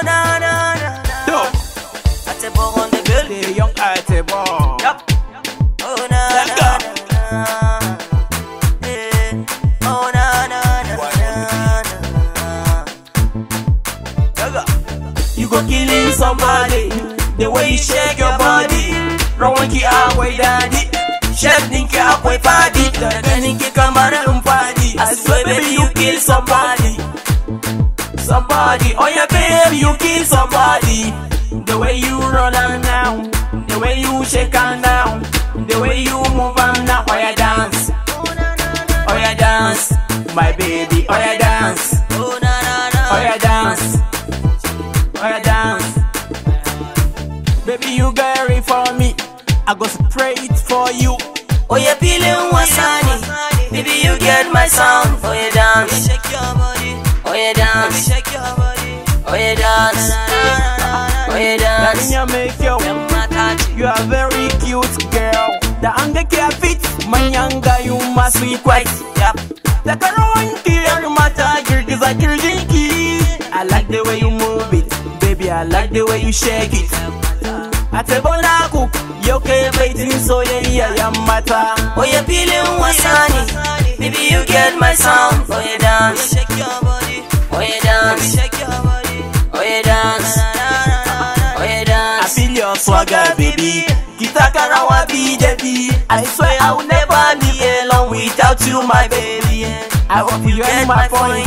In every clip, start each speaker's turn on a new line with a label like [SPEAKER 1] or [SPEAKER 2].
[SPEAKER 1] Oh, na, na, na, na. Yo. Atebo
[SPEAKER 2] on the building. The young Atebo. Yup. Oh, na, na, na,
[SPEAKER 1] Oh, na, na, na,
[SPEAKER 2] na, na. You go killing somebody. The way you shake your body. Rawanki away daddy. Chef ninki akwai party. Da ganin ki and party. I swear baby you kill somebody somebody. Oh yeah, babe, you kill somebody. The way you run and down, the way you shake and down, the way you move and now. Oh yeah, dance. Oh yeah, dance, my baby. Oh yeah, dance. Oh yeah, dance. Oh yeah, dance. Baby,
[SPEAKER 1] you got it for me. I go spray it for you. Oh yeah, feeling was sunny. Baby, you get my sound. Oh yeah, dance. Oh, you dance. Oh, you dance. Now, make you.
[SPEAKER 2] You are very cute girl. The anger care fit. my Manyanga, you must be quite. Yep. The here, care matter. Girl, I girl, I like the way you move it. Baby, I like the way you shake it. I A tebona cook, you can't yo so yeah, soyayya ya mata. Oh, you're feeling
[SPEAKER 1] what's Baby, you get my sound. Oh, you dance. Oh, you dance.
[SPEAKER 2] swagger, baby. Kita karawa BJB. I swear I will never be alone without you, my baby. I hope you end my point.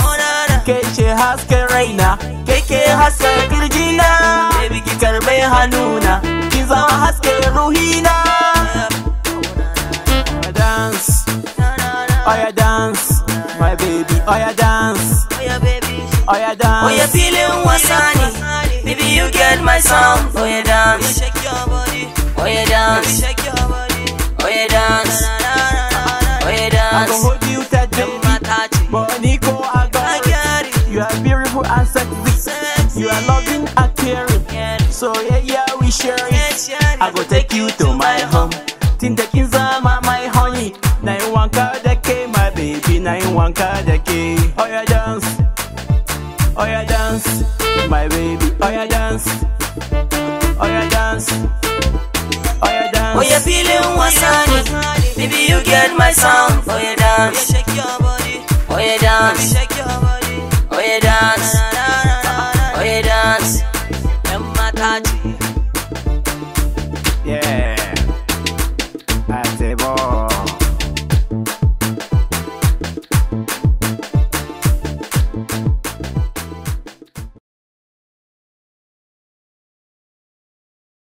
[SPEAKER 2] Kece haske raina, keke haske kirjina. Baby que karbe hannuna, kin zama haske ruhina. Dance, oya dance, my baby, oya dance, oya baby,
[SPEAKER 1] oya dance. Oya feeling wasani.
[SPEAKER 2] Baby, you get my song. Oh, you dance. Oh,
[SPEAKER 1] you dance. Oh, you dance. Oh, you dance. I can hold you tight, baby. But Nico, I got it. You are
[SPEAKER 2] beautiful and sexy. You are loving and caring. So, yeah, yeah, we share it. I go take you to my home. Think the kids are my, my honey. Nine one card, my baby. Nine one card, Oh, you dance. Oh, you dance my baby. Oh yeah, dance. Oh yeah, dance.
[SPEAKER 1] Oh yeah, dance. Oh yeah, feeling What's wasani. Baby, you get my sound. Oh yeah, dance. Oh yeah, dance. shake your body. Oh yeah, dance. Oh yeah, dance. Yeah. I say, boy.